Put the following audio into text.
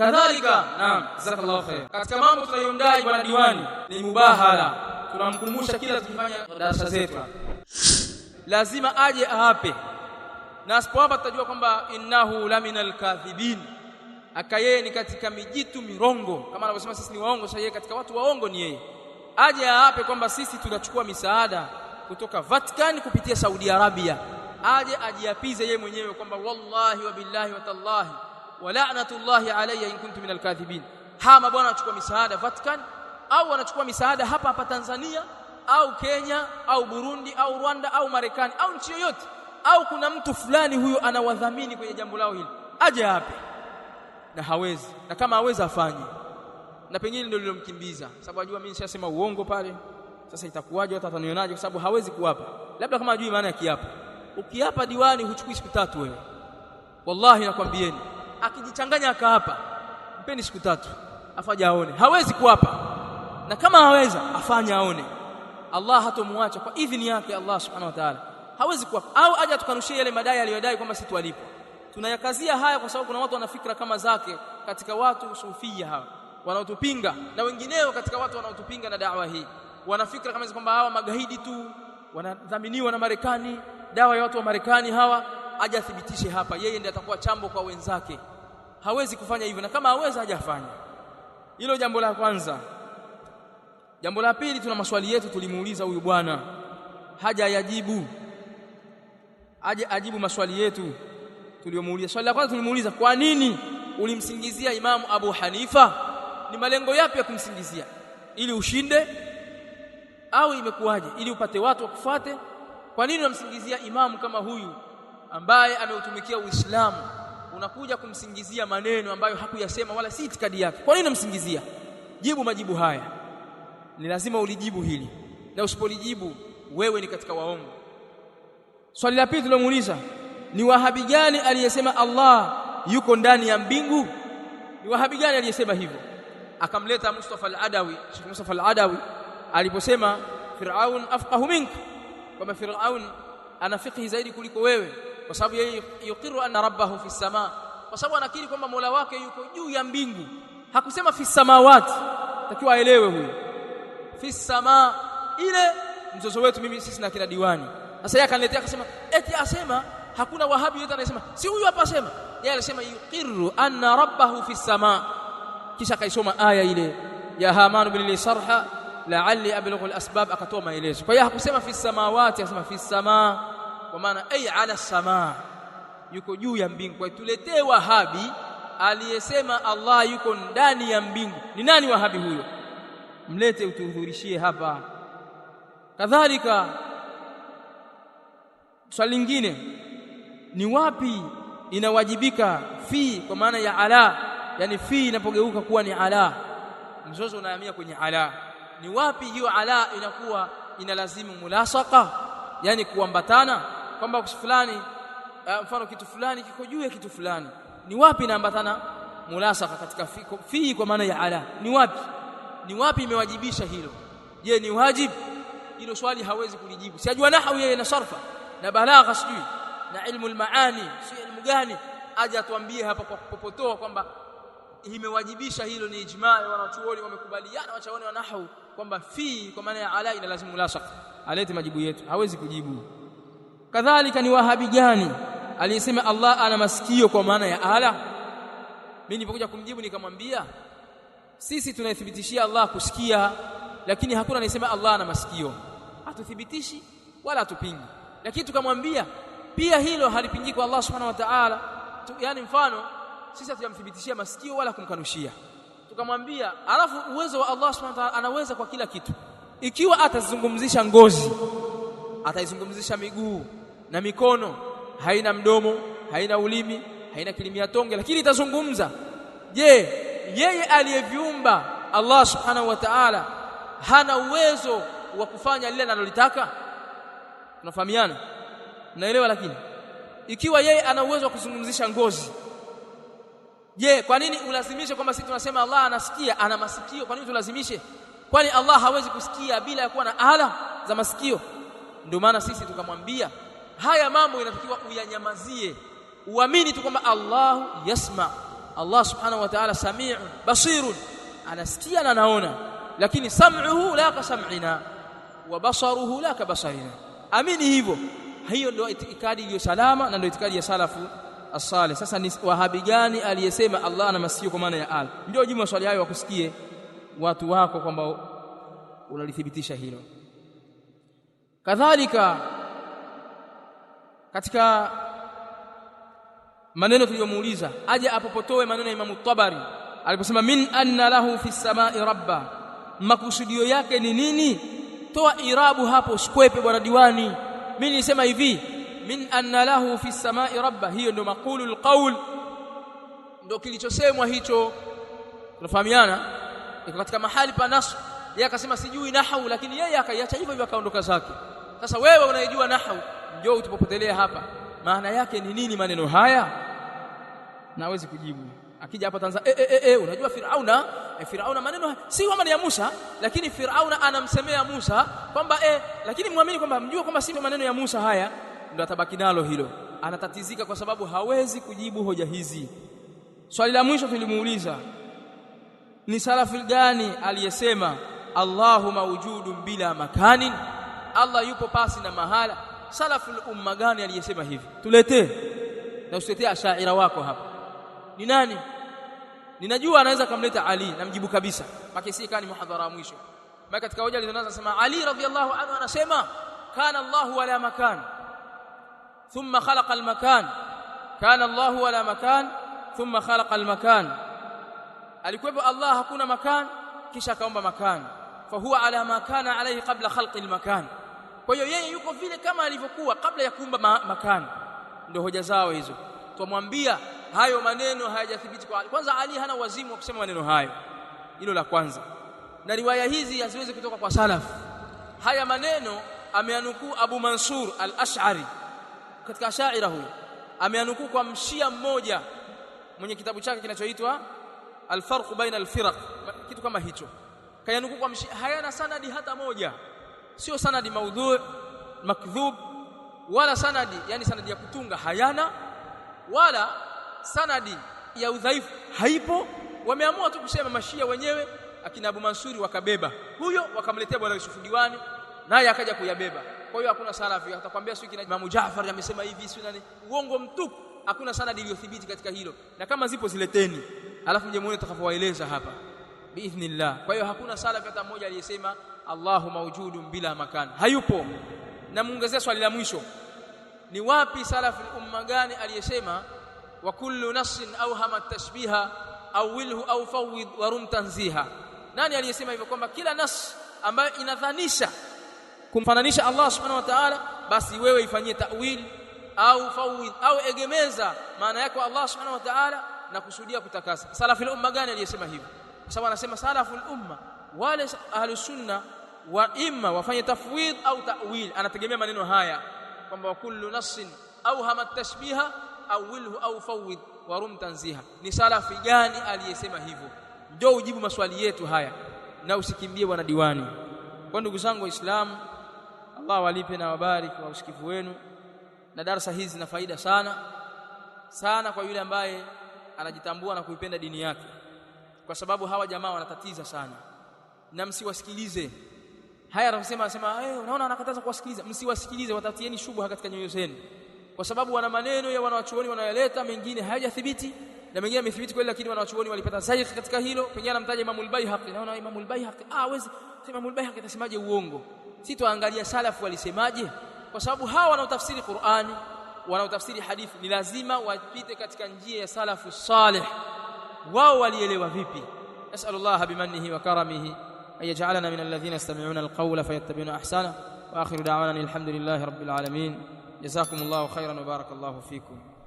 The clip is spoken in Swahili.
Kadhalika, naam, jazakallahu khair. Katika mambo tunayomdai bwana diwani ni mubahala, tunamkumbusha kila tukifanya darasa zetu, lazima aje aape, na asipoapa tutajua kwamba innahu lamina alkadhibin, aka ni katika mijitu mirongo, kama anavyosema sisi ni waongo. Sasa yeye katika watu waongo ni yeye, aje aape kwamba sisi tunachukua misaada kutoka Vatican kupitia Saudi Arabia, aje ajiapize yeye mwenyewe kwamba wallahi wa billahi wa tallahi wa llahi alayya in kuntu minal kadhibin hama bwana anachukua misaada Vatican au anachukua misaada hapa hapa Tanzania au Kenya au Burundi au Rwanda au Marekani au nchi yoyote au kuna mtu fulani huyo anawadhamini kwenye jambo lao hili aje hapa na hawezi na kama hawezi afanye na pengine ndio lilomkimbiza sababu ajua mimi nishasema uongo pale sasa itakuwaje watu watanionaje kwa sababu hawezi kuwapa labda kama ajui maana ya kiapo ukiapa diwani huchukui siku tatu wewe wallahi nakwambieni akijichanganya akaapa, mpeni siku tatu afaje aone. Hawezi kuapa, na kama haweza afanye aone. Allah hatomwacha kwa idhini yake Allah subhanahu wa ta'ala, hawezi kuapa au aje atukanushie yale madai aliyodai kwamba si twalipo. Tunayakazia haya kwa sababu kuna watu wana fikra kama zake katika watu sufia hawa wanaotupinga na wengineo katika watu wanaotupinga na dawa hii, wana fikra kama kwamba hawa magaidi tu wanadhaminiwa na Marekani, dawa ya watu wa Marekani hawa. Aje athibitishe hapa, yeye ndiye atakuwa chambo kwa wenzake hawezi kufanya hivyo, na kama hawezi hajafanya. Hilo jambo la kwanza. Jambo la pili, tuna maswali yetu tulimuuliza huyu bwana, haja yajibu aje ajibu maswali yetu tuliyomuuliza. Swali la kwanza tulimuuliza, kwa nini ulimsingizia Imamu Abu Hanifa? Ni malengo yapi ya kumsingizia? Ili ushinde au imekuwaje? Ili upate watu wakufuate? Kwa nini unamsingizia imamu kama huyu ambaye ameutumikia Uislamu unakuja kumsingizia maneno ambayo hakuyasema wala si itikadi yake. Kwa nini unamsingizia? Jibu majibu haya, ni lazima ulijibu hili, na usipolijibu wewe ni katika waongo. Swali la pili tulomuuliza ni wahabi gani aliyesema Allah yuko ndani ya mbingu? Ni wahabi gani aliyesema hivyo? Akamleta Mustafa al-Adawi. Sheikh Mustafa al-Adawi aliposema Firaun afqahu mink, kwamba Firaun ana fikhi zaidi kuliko wewe kwa sababu yeye yukiru anna rabbahu fi samaa kwa sababu anakiri kwamba mola wake yuko juu ya mbingu hakusema fi samawati takiwa aelewe huyo fi samaa ile mzozo wetu mimi sisi na kila diwani sasa yeye akaniletea akasema eti asema hakuna wahabi yote anayesema si huyu hapa asema yeye alisema yuqiru anna rabbahu fi samaa kisha akaisoma aya ile ya hamanu bin sarha la'alli ablughu al-asbab akatoa maelezo kwa hiyo hakusema fi samawati akasema fi samaa kwa maana ay ala samaa yuko juu ya mbingu kwa tuletee wahabi aliyesema Allah yuko ndani ya mbingu ni nani wahabi huyo mlete utuhudhurishie hapa kadhalika swali lingine ni wapi inawajibika fi kwa maana ya ala yani fi inapogeuka kuwa ni ala mzozo unahamia kwenye ala ni wapi hiyo ala inakuwa inalazimu mulasaka yani kuambatana kwamba fulani eh, mfano kitu fulani kiko juu ya kitu fulani ni wapi inaambatana mulasaka katika fii kwa maana ya ala ni wapi ni wapi imewajibisha hilo je ni wajibu hilo swali hawezi kulijibu ajua nahwu yeye na sarfa na balagha sijui na ilmu almaani si ilmu gani aje atuambie hapa kwa kupopotoa kwamba imewajibisha hilo ni ijmaa ya wanachuoni wamekubaliana wachaoni wa kwamba fii kwa maana ya ala ina lazimu mulasaka alete majibu yetu hawezi kujibu kadhalika ni wahabi gani aliyesema Allah ana masikio kwa maana ya ala mimi nilipokuja kumjibu nikamwambia sisi tunaithibitishia Allah kusikia lakini hakuna anayesema Allah ana masikio hatuthibitishi wala hatupingi lakini tukamwambia pia hilo halipingi kwa Allah subhanahu wa ta'ala yani mfano sisi hatujamthibitishia masikio wala kumkanushia tukamwambia alafu uwezo wa Allah subhanahu wa ta'ala anaweza kwa kila kitu ikiwa atazungumzisha ngozi ataizungumzisha miguu na mikono, haina mdomo, haina ulimi, haina kilimia tonge, lakini itazungumza. Je, yeye aliyeviumba Allah subhanahu wa ta'ala hana uwezo wa kufanya lile analolitaka? Tunafahamiana, naelewa. Lakini ikiwa yeye ana uwezo wa kuzungumzisha ngozi, je, kwa nini ulazimishe kwamba sisi tunasema Allah anasikia, ana masikio? Kwa nini tulazimishe? Kwani Allah hawezi kusikia bila ya kuwa na ala za masikio? Ndio maana sisi tukamwambia haya mambo inatakiwa uyanyamazie, uamini tu kwamba Allahu yasma, Allah subhanahu wa ta'ala samiun basirun, anasikia na anaona, lakini sam'uhu la ka sam'ina wa basaruhu la ka basarina. Amini hivyo. Hiyo ndio itikadi iliyo salama na ndio itikadi ya salafu as Sasa ni wahabi gani aliyesema Allah ana masikio kwa maana ya al? Ndio jibu maswali hayo, wakusikie watu wako kwamba unalithibitisha hilo kadhalika katika maneno tuliyomuuliza aje apopotoe maneno ya Imamu Tabari aliposema min anna lahu fi samai rabba, makusudio yake ni nini? Toa irabu hapo, usikwepe bwana diwani. Mimi nisema hivi min anna lahu fi samai rabba, hiyo ndio maqulu alqaul ndio kilichosemwa hicho, tunafahamiana. Iko katika mahali pa nasu, yeye akasema sijui nahau, lakini yeye akaiacha hivyo hivyo akaondoka zake. Sasa wewe unaijua nahau njoo utupopotelea hapa, maana yake ni nini maneno haya? Na hawezi kujibu. Akija hapa Tanzania, e, eh, e, eh, e, eh, unajua Firauna e, Firauna maneno si kama ya Musa, lakini Firauna anamsemea Musa kwamba e, lakini muamini kwamba mjue kwamba si maneno ya Musa haya. Ndio atabaki nalo hilo, anatatizika kwa sababu hawezi kujibu hoja hizi. Swali la mwisho tulimuuliza ni salafi gani aliyesema Allahu maujudu bila makanin, Allah yupo pasi na mahala salafu umma gani aliyesema hivi tuletee na usitetee ashaira wako hapa ni nani ninajua anaweza kumleta Ali namjibu kabisa maki si kani muhadhara mwisho maki katika hoja alizonaza sema Ali radhiallahu anhu anasema kana Allah wala makan thumma khalaqa al-makan kana Allah wala makan thumma khalaqa al-makan alikuwepo Allah hakuna makan kisha kaumba makan fa huwa ala ma kana alayhi qabla khalqi al-makan Kwa hiyo yeye yuko vile kama alivyokuwa kabla ya kuumba makana. Ndio hoja zao hizo. Twamwambia hayo maneno hayajathibiti kwa Ali. Kwanza Ali hana wazimu wa kusema maneno hayo, hilo la kwanza, na riwaya hizi haziwezi kutoka kwa salaf. Haya maneno ameanukuu Abu Mansur al-Ash'ari katika ashaira huyo, ameanukuu kwa mshia mmoja mwenye kitabu chake kinachoitwa Alfarqu baina alfiraq, kitu kama hicho, kayanukuu kwa mshia, hayana sanadi hata moja sio sanadi maudhu makdhub wala sanadi yani sanadi ya kutunga hayana wala sanadi ya udhaifu haipo wameamua tu kusema mashia wenyewe akina Abu Mansuri wakabeba huyo wakamletea bwana Yusuf Diwani naye akaja kuyabeba kwa hiyo hakuna salafi atakwambia sio kina Imam Jaafar amesema hivi sio nani uongo mtupu hakuna sanadi iliyothibiti katika hilo na kama zipo zileteni alafu mje muone tutakavyowaeleza hapa biidhnillah kwa hiyo hakuna salafi hata mmoja aliyesema Allahu maujudun bila makan, hayupo. Namuongezea swali la mwisho, ni wapi salafu umma gani aliyesema wa kullu nassin awhama tashbiha au wilhu au fawid wa tanziha? Nani aliyesema hivyo kwamba kila nas ambayo inadhanisha kumfananisha Allah subhanahu wa ta'ala, basi wewe ifanyie ta'wil au fawid au egemeza maana yako Allah subhanahu wa ta'ala na kusudia kutakasa. Salafil umma gani aliyesema hivyo? Kwa sababu anasema salaful umma wale ahlu sunna wa imma wafanye tafwid au ta'wil anategemea maneno haya kwamba wa kullu nassin au hama tashbiha au wilhu au fawid warum tanziha ni salafi gani aliyesema hivyo ndio ujibu maswali yetu haya na usikimbie bwana diwani kwa ndugu zangu waislamu Allah walipe na wabariki wa usikivu wenu na darasa hizi zina faida sana sana kwa yule ambaye anajitambua na kuipenda dini yake kwa sababu hawa jamaa wanatatiza sana na msiwasikilize haya anasema anasema eh unaona anakataza kuwasikiliza msiwasikilize watatieni shubha katika nyoyo zenu kwa sababu wana maneno ya wanawachuoni wanayaleta mengine hayajathibiti na mengine yamethibiti kweli lakini wanawachuoni walipata sahihi katika hilo pengine anamtaja Imam al-Baihaqi naona Imam al-Baihaqi ah wezi Imam al-Baihaqi atasemaje uongo si tuangalia salafu walisemaje kwa sababu hawa wanaotafsiri Qur'ani wanaotafsiri hadithi ni lazima wapite katika njia ya salafu salih wao walielewa vipi nasallallahu bimannihi wa karamihi أن يجعلنا من الذين يستمعون القول فيتبعون أحسانه وآخر دعوانا الحمد لله رب العالمين جزاكم الله خيرا وبارك الله فيكم